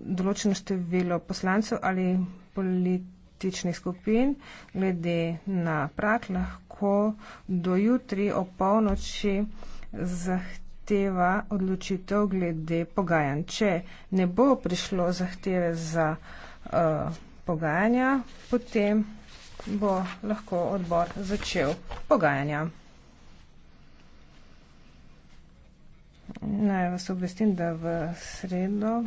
določeno število poslancev ali političnih skupin, glede na prak, lahko do jutri o polnoči zahteva odločitev glede pogajanj. Če ne bo prišlo zahteve za uh, pogajanja, potem bo lahko odbor začel pogajanja. Naj vas obvestim, da v sredo.